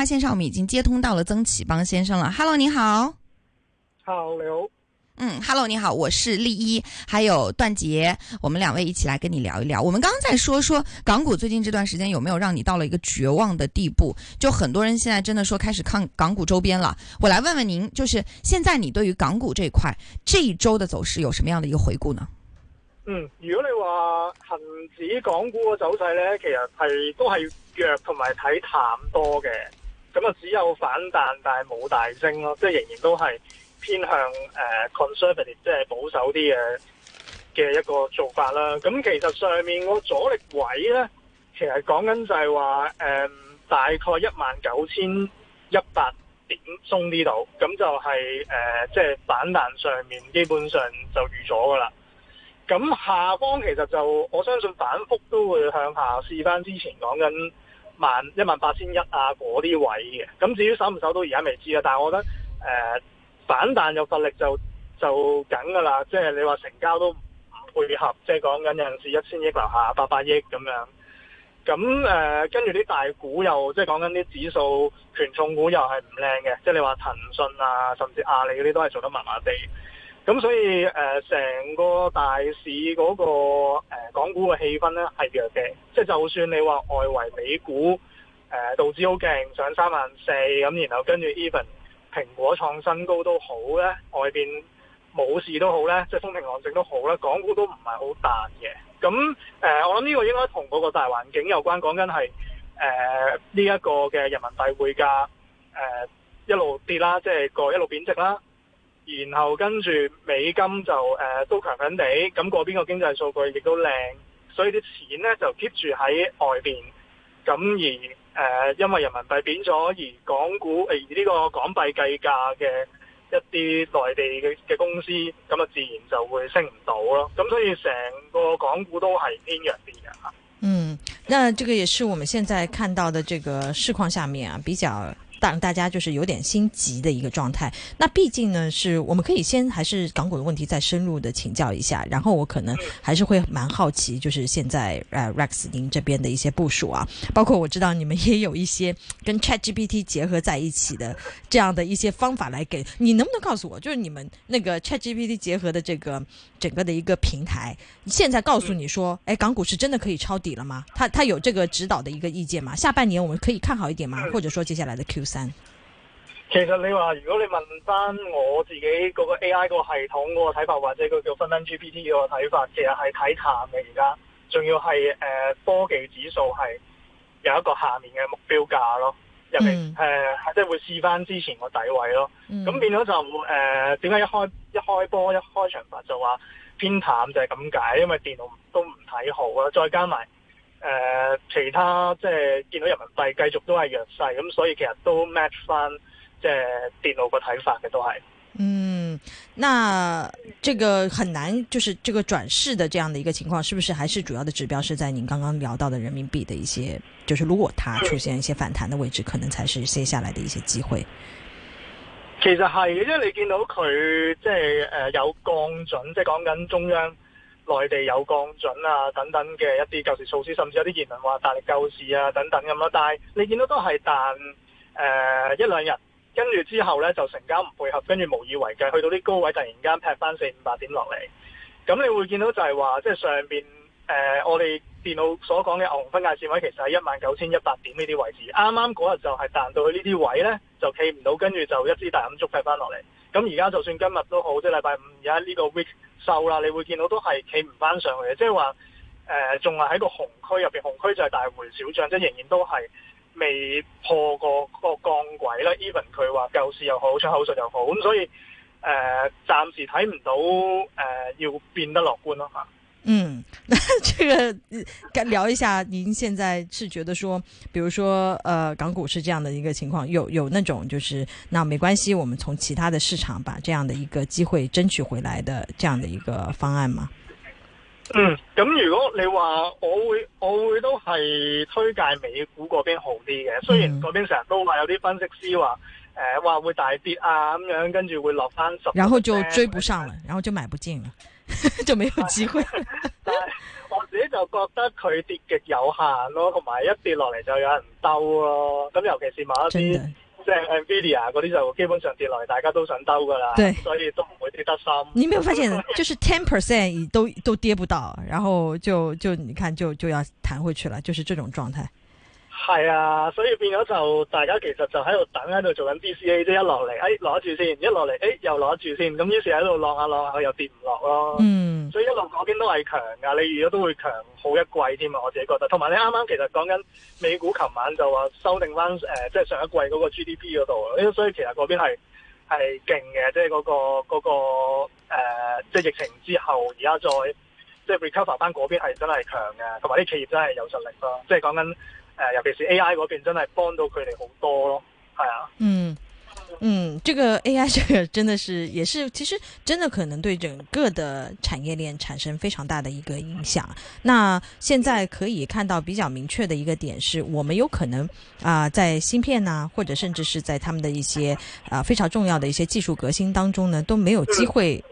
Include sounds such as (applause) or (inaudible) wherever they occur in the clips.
電話線上，我們已經接通到了曾啟邦先生了。Hello，你好。Hello，你好。你嗯，Hello，你好，我是立一，還有段杰，我們兩位一起來跟你聊一聊。我們剛剛在說說港股最近這段時間有沒有讓你到了一個絕望的地步？就很多人現在真的說開始看港股周邊了。我來問問您，就是現在你對於港股這一塊這一周的走勢有什麼樣的一個回顧呢？嗯，如果你話恒指港股個走勢呢，其實係都係弱同埋睇淡多嘅。咁啊，只有反彈，但係冇大升咯，即係仍然都係偏向 conservative，即係保守啲嘅嘅一個做法啦。咁其實上面個阻力位呢，其實講緊就係話、嗯、大概一萬九千一百點，鬆呢度，咁、呃、就係即係反彈上面基本上就預咗噶啦。咁下方其實就我相信反覆都會向下試翻之前講緊。萬一萬八千一啊，嗰啲位嘅，咁至於守唔守到而家未知啊，但係我覺得誒、呃、反彈有壓力就就緊噶啦，即係你話成交都唔配合，即係講緊有陣時一千億樓下八百億咁樣，咁誒跟住啲大股又即係講緊啲指數權重股又係唔靚嘅，即係你話騰訊啊，甚至阿里嗰啲都係做得麻麻地。咁所以誒，成、呃、個大市嗰、那個、呃、港股嘅氣氛咧係弱嘅，即、就、係、是、就算你話外圍美股誒、呃、道指好勁上三萬四，咁然後跟住 even 蘋果創新高都好咧，外邊冇事都好咧，即係風平浪靜都好咧，港股都唔係好彈嘅。咁誒、呃，我諗呢個應該同嗰個大環境有關，講緊係誒呢一個嘅人民幣匯價誒一路跌啦，即係個一路貶值啦。然後跟住美金就誒、呃、都強緊地，咁嗰邊個經濟數據亦都靚，所以啲錢咧就 keep 住喺外邊。咁而誒、呃，因為人民幣貶咗，而港股誒呢、呃這個港幣計價嘅一啲內地嘅嘅公司，咁啊自然就會升唔到咯。咁所以成個港股都係偏弱啲嘅吓。嗯，那這個也是我們現在看到的這個市況下面啊，比較。當然，大家就是有點心急的一個狀態。那畢竟呢，是我們可以先還是港股的問題再深入的請教一下。然後我可能還是會蠻好奇，就是現在呃，Rex 您這邊的一些部署啊，包括我知道你們也有一些跟 ChatGPT 結合在一起的這樣的一些方法來給你。能不能告訴我，就是你們那個 ChatGPT 結合的這個整個的一個平台，現在告訴你說，哎，港股是真的可以抄底了嗎？它它有這個指導的一個意見嗎？下半年我們可以看好一點嗎？或者說接下來的 Q3？其實你話如果你問翻我自己嗰個 A I 個系統嗰個睇法，或者個叫分分 G P T 嘅睇法，其實係睇淡嘅而家，仲要係誒科技指數係有一個下面嘅目標價咯，入面誒即係會試翻之前個底位咯，咁、mm. 變咗就誒點解一開一開波一開場白就話偏淡就係咁解，因為電腦都唔睇好喇，再加埋。誒、呃，其他即係見到人民幣繼續都係弱勢，咁所以其實都 match 翻即係電腦個睇法嘅都係。嗯，那這個很難，就是這個轉勢的這樣的一個情況，是不是還是主要的指標是在您剛剛聊到的人民幣的一些？就是如果它出現一些反彈的位置， (laughs) 可能才是接下來的一些機會。其實係，因為你見到佢即係誒、呃、有降準，即係講緊中央。內地有降準啊，等等嘅一啲救市措施，甚至有啲言論話大力救市啊，等等咁咯。但係你見到都係彈、呃、一兩日，跟住之後呢就成交唔配合，跟住無以為繼，去到啲高位突然間劈翻四五百點落嚟。咁你會見到就係話，即係上面、呃、我哋電腦所講嘅牛熊分界線位，其實係一萬九千一百點呢啲位置。啱啱嗰日就係彈到去呢啲位呢，就企唔到，跟住就一支大陰燭劈翻落嚟。咁而家就算今日都好，即係禮拜五而家呢個 week 收啦，你會見到都係企唔翻上去嘅，即係話、呃、仲係喺個紅區入面，紅區就係大回小漲，即係仍然都係未破過個降軌啦。Even 佢話舊市又好，出口術又好，咁所以、呃、暫時睇唔到、呃、要變得樂觀咯吓。嗯，那這個該聊一下。您現在是覺得說，比如說，呃，港股是這樣的一個情況，有有那種就是，那沒關係，我們從其他的市場把這樣的一個機會爭取回來的這樣的一個方案嗎？嗯，咁如果你話我會我會都係推介美股嗰邊好啲嘅，雖然嗰邊成日都話有啲分析師話，誒、呃、話會大跌啊咁樣，跟住會落翻手，然後就追不上了，然後就買不進了。 (laughs) 就沒有機會， (laughs) 但係我自己就覺得佢跌極有限咯，同埋一跌落嚟就有人兜咯。咁尤其是某一啲即係 Nvidia 嗰啲，就基本上跌落嚟大家都想兜噶啦。所以都唔會跌得深。你有冇發現，就是 ten percent 都 (laughs) 都，都跌不到，然後就就你看就就要彈回去了，就是這種狀態。係啊，所以變咗就大家其實就喺度等，喺度做緊 D C A 即係。一落嚟，哎，攞住先；一落嚟，哎，又攞住先。咁於是喺度落下落下，下，下，佢又跌唔落咯。嗯、mm.，所以一路嗰邊都係強噶，你如果都會強好一季添啊。我自己覺得，同埋你啱啱其實講緊美股，琴晚就話修訂翻誒，即係上一季嗰個 G D P 嗰度。所以其實嗰邊係係勁嘅，即係、那、嗰個嗰、那個誒、呃，即係疫情之後，而家再即係 recover 翻嗰邊係真係強嘅，同埋啲企業真係有實力咯。即係講緊。誒、呃，尤其是 AI 嗰邊真係幫到佢哋好多咯，係啊，嗯嗯，這個 AI，這個真的是，也是，其實真的可能對整個的產業鏈產生非常大的一個影響。那現在可以看到比較明確的一個點是，是我們有可能啊、呃，在芯片呢、啊，或者甚至是在他們的一些啊、呃、非常重要的一些技術革新當中呢，都沒有機會。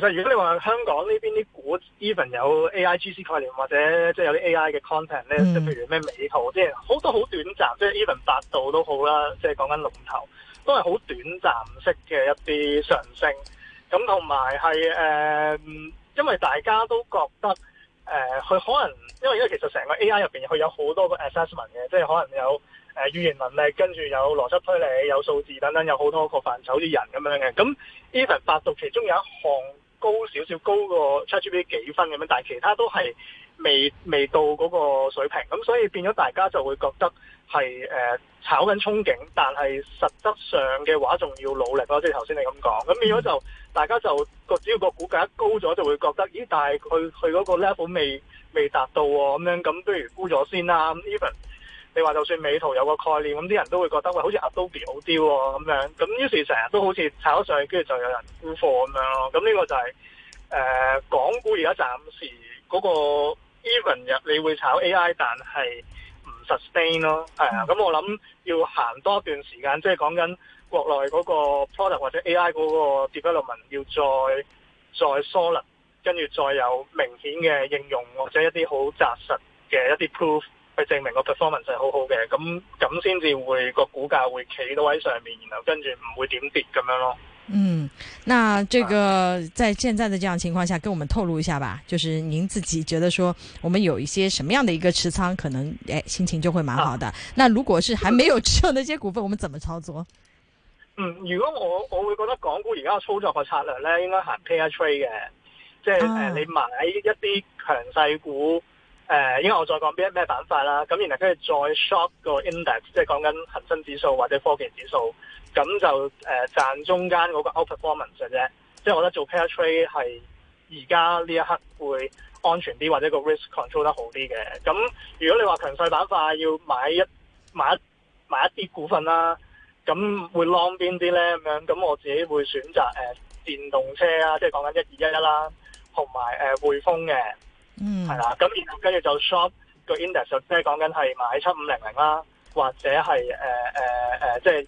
其實如果你話香港呢邊啲股，even 有 A I G C 概念或者即係有啲 A I 嘅 content 咧，即係譬如咩美圖，嗯、即係好多好短暫，即係 even 百度都好啦，即係講緊龍頭都係好短暫式嘅一啲上升。咁同埋係誒，因為大家都覺得誒，佢、呃、可能因為而家其實成個 A I 入面，佢有好多個 assessment 嘅，即係可能有誒、呃、語言能力，跟住有邏輯推理、有數字等等，有好多個範疇啲人咁樣嘅。咁 even 百度其中有一項。高少少，高過 ChatGPT 幾分咁樣，但係其他都係未未到嗰個水平，咁所以變咗大家就會覺得係誒、呃、炒緊憧憬，但係實質上嘅話仲要努力咯。即係頭先你咁講，咁變咗就大家就個只要個股價一高咗，就會覺得咦，但係佢佢嗰個 level 未未達到喎，咁樣咁不如沽咗先啦，even。你話就算美圖有個概念，咁啲人都會覺得喂，好似 Adobe 好啲喎咁樣，咁於是成日都好似炒上去，跟住就有人沽貨咁樣咯。咁呢個就係、是、誒、呃、港股而家暫時嗰、那個 even 入，你會炒 AI，但係唔 sustain 咯。係啊，咁我諗要行多一段時間，即係講緊國內嗰個 product 或者 AI 嗰個 development 要再再 solid，跟住再有明顯嘅應用或者一啲好扎實嘅一啲 proof。去證明個 performance 係好好嘅，咁咁先至會個股價會企到喺上面，然後跟住唔會點跌咁樣咯。嗯，那這個、啊、在現在的這樣的情況下，跟我們透露一下吧。就是您自己覺得說，我們有一些什麼樣的一個持倉，可能誒、哎、心情就會蠻好的、啊。那如果是還沒有持有那些股份， (laughs) 我們怎麼操作？嗯，如果我我會覺得港股而家操作嘅策略咧，應該行 pair trade 嘅，即係誒、啊呃、你買一啲強勢股。誒、呃，應該我再講邊一咩板塊啦，咁然後跟住再 short 個 index，即係講緊恒生指數或者科技指數，咁就誒賺、呃、中間嗰個 outperformance 嘅啫。即係我覺得做 pair trade 係而家呢一刻會安全啲，或者個 risk control 得好啲嘅。咁如果你話強勢板塊要買一買一買一啲股份啦，咁會 long 邊啲咧咁樣？咁我自己會選擇誒、呃、電動車啊，即係講緊一二一一啦，同埋誒匯豐嘅。呃嗯、mm.，係啦，咁然後跟住就 Short 個 index 就即係講緊係買七五零零啦，或者係誒、呃呃、即係誒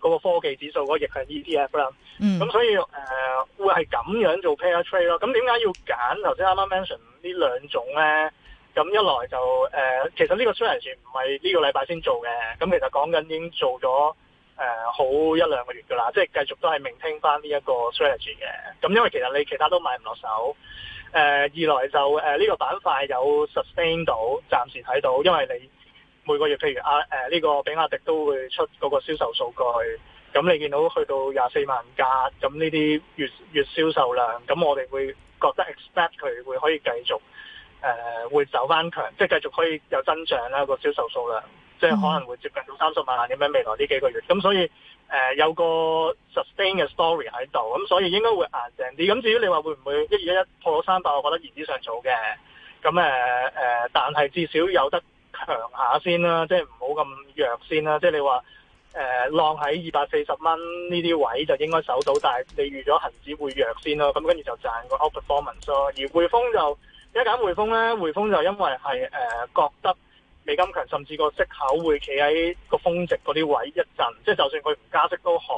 嗰個科技指數嗰個逆向 ETF 啦。嗯，咁所以誒、呃、會係咁樣做 pair trade 咯。咁點解要揀頭先啱啱 mention 呢兩種咧？咁一來就誒、呃，其實呢個 strategy 唔係呢個禮拜先做嘅，咁其實講緊已經做咗誒、呃、好一兩個月噶啦，即係繼續都係 maintain 呢一個 strategy 嘅。咁因為其實你其他都買唔落手。誒、uh, 二來就誒呢、uh, 個板塊有 sustain 到，暫時睇到，因為你每個月譬如阿呢、uh, 個比亞迪都會出嗰個銷售數據。咁你見到去到廿四萬架，咁呢啲月月銷售量，咁我哋會覺得 expect 佢會可以繼續誒、uh, 會走翻強，即係繼續可以有增長啦、個銷售數量，mm. 即係可能會接近到三十萬點樣未來呢幾個月，咁所以。誒、呃、有個 sustain 嘅 story 喺度，咁所以應該會硬淨啲。咁至於你話會唔會一二一一破到三百，我覺得言之尚早嘅。咁誒、呃呃、但係至少有得強下先啦、啊，即係唔好咁弱先啦、啊。即係你話誒，晾喺二百四十蚊呢啲位就應該守到，但係你預咗恒指會弱先咯、啊。咁跟住就賺個 outperformance 咯、啊。而匯豐就一揀匯豐咧，匯豐就因為係誒、呃、覺得，美金強，甚至個息口會企喺個峰值嗰啲位一陣，即係就算佢唔加息都好，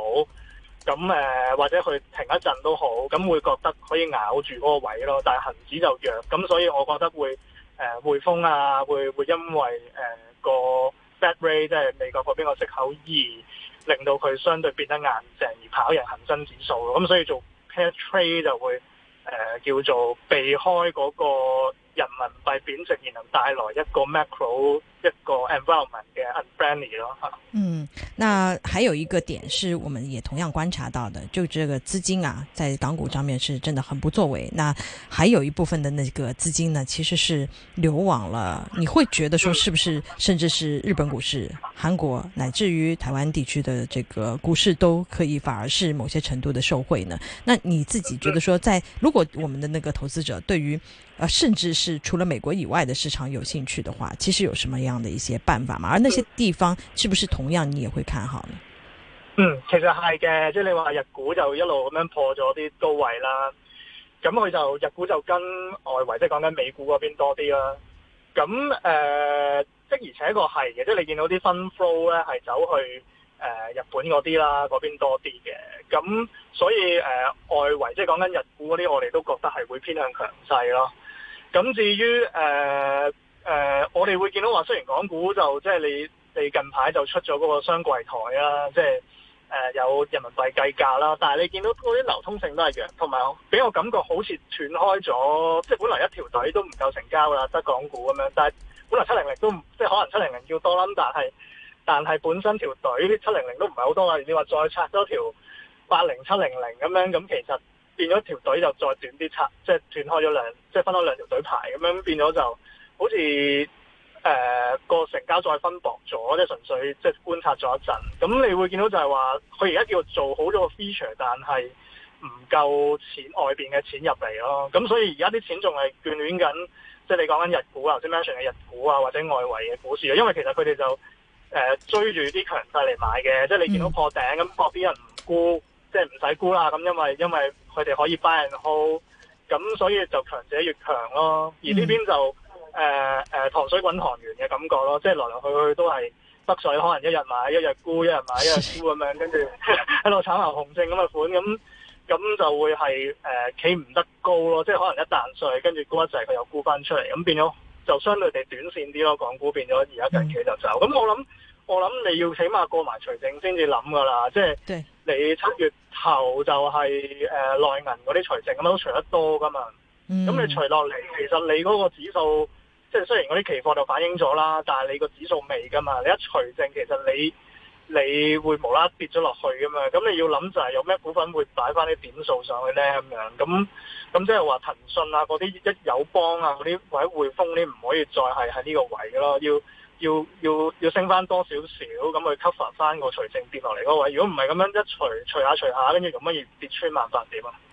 咁誒或者佢停一陣都好，咁會覺得可以咬住嗰個位咯。但係恆指就弱，咁所以我覺得會誒、呃、匯豐啊，會會因為誒、呃嗰個 Fed Rate 即係美國嗰邊個息口而令到佢相對變得硬淨而跑贏恒生指數咯。咁所以做 Pair Trade 就會誒、呃、叫做避開嗰、嗰個。人民幣貶值，然後帶來一個 macro。environment 嗯，那還有一個點是，我們也同樣觀察到的，就這個資金啊，在港股上面是真的很不作為。那還有一部分的那個資金呢，其實是流往了。你會覺得說，是不是甚至是日本股市、韓國，乃至於台灣地區的這個股市，都可以反而是某些程度的受惠呢？那你自己覺得說在，在如果我們的那個投資者對於，呃，甚至是除了美國以外的市場有興趣的話，其實有什麼樣樣的一些辦法嘛，而那些地方是不是同樣你也會看好呢？嗯，其實係嘅，即係你話日股就一路咁樣破咗啲高位啦，咁佢就日股就跟外圍，即係講緊美股嗰邊多啲啦。咁、嗯、誒、呃，即而且確係嘅，即係你見到啲 fund flow 咧係走去誒、呃、日本嗰啲啦，嗰邊多啲嘅。咁、嗯、所以誒、呃、外圍，即係講緊日股嗰啲，我哋都覺得係會偏向強勢咯。咁、嗯嗯、至於誒。呃誒、呃，我哋會見到話，雖然港股就即係、就是、你你近排就出咗嗰個雙櫃台啊，即係誒有人民幣計價啦。但係你見到嗰啲流通性都係一樣，同埋俾我感覺好似斷開咗，即、就、係、是、本來一條隊都唔夠成交啦，得港股咁樣。但係本來七零零都唔，即係可能七零零要多，但係但係本身條隊七零零都唔係好多啦。你話再拆多條八零七零零咁樣，咁其實變咗條隊就再短啲拆，即、就、係、是、斷開咗兩，即、就、係、是、分咗兩條隊排咁樣，變咗就。好似誒、呃、個成交再分薄咗，即係純粹即係觀察咗一陣。咁你會見到就係話，佢而家叫做好咗個 feature，但係唔夠錢外邊嘅錢入嚟咯。咁所以而家啲錢仲係眷戀緊，即係你講緊日股啊，即係 mention 嘅日股啊，或者外圍嘅股市啊。因為其實佢哋就誒、呃、追住啲強勢嚟買嘅，即、嗯、係、就是、你見到破頂，咁博啲人唔沽，即係唔使沽啦。咁因為因為佢哋可以 buy and hold，咁所以就強者越強咯。嗯、而呢邊就。誒、呃、誒、呃、糖水滾糖丸嘅感覺咯，即係來來去去都係北水可能一日買一日沽，一日買一日沽咁樣，跟住喺度炒下熊證咁嘅款，咁咁就會係誒企唔得高咯，即係可能一彈水，跟住沽一制佢又沽翻出嚟，咁變咗就相對地短線啲咯，港股變咗而家近期就走，咁、mm. 我諗我諗你要起碼過埋除淨先至諗㗎喇，即係你七月頭就係誒內銀嗰啲除淨咁樣都除得多㗎嘛，咁、mm. 你除落嚟，其實你嗰個指數。即係雖然嗰啲期貨就反映咗啦，但係你個指數未㗎嘛，你一除淨，其實你你會無啦跌咗落去㗎嘛，咁你要諗就係有咩股份會擺翻啲點數上去咧，咁樣，咁咁即係話騰訊啊嗰啲，嗰啲一友邦啊嗰啲，或者匯豐啲唔可以再係喺呢個位㗎咯，要要要要升翻多少少，咁去 cover 翻個除淨跌落嚟嗰位，如果唔係咁樣一除除下除下，跟住咁乜嘢跌穿萬八點啊？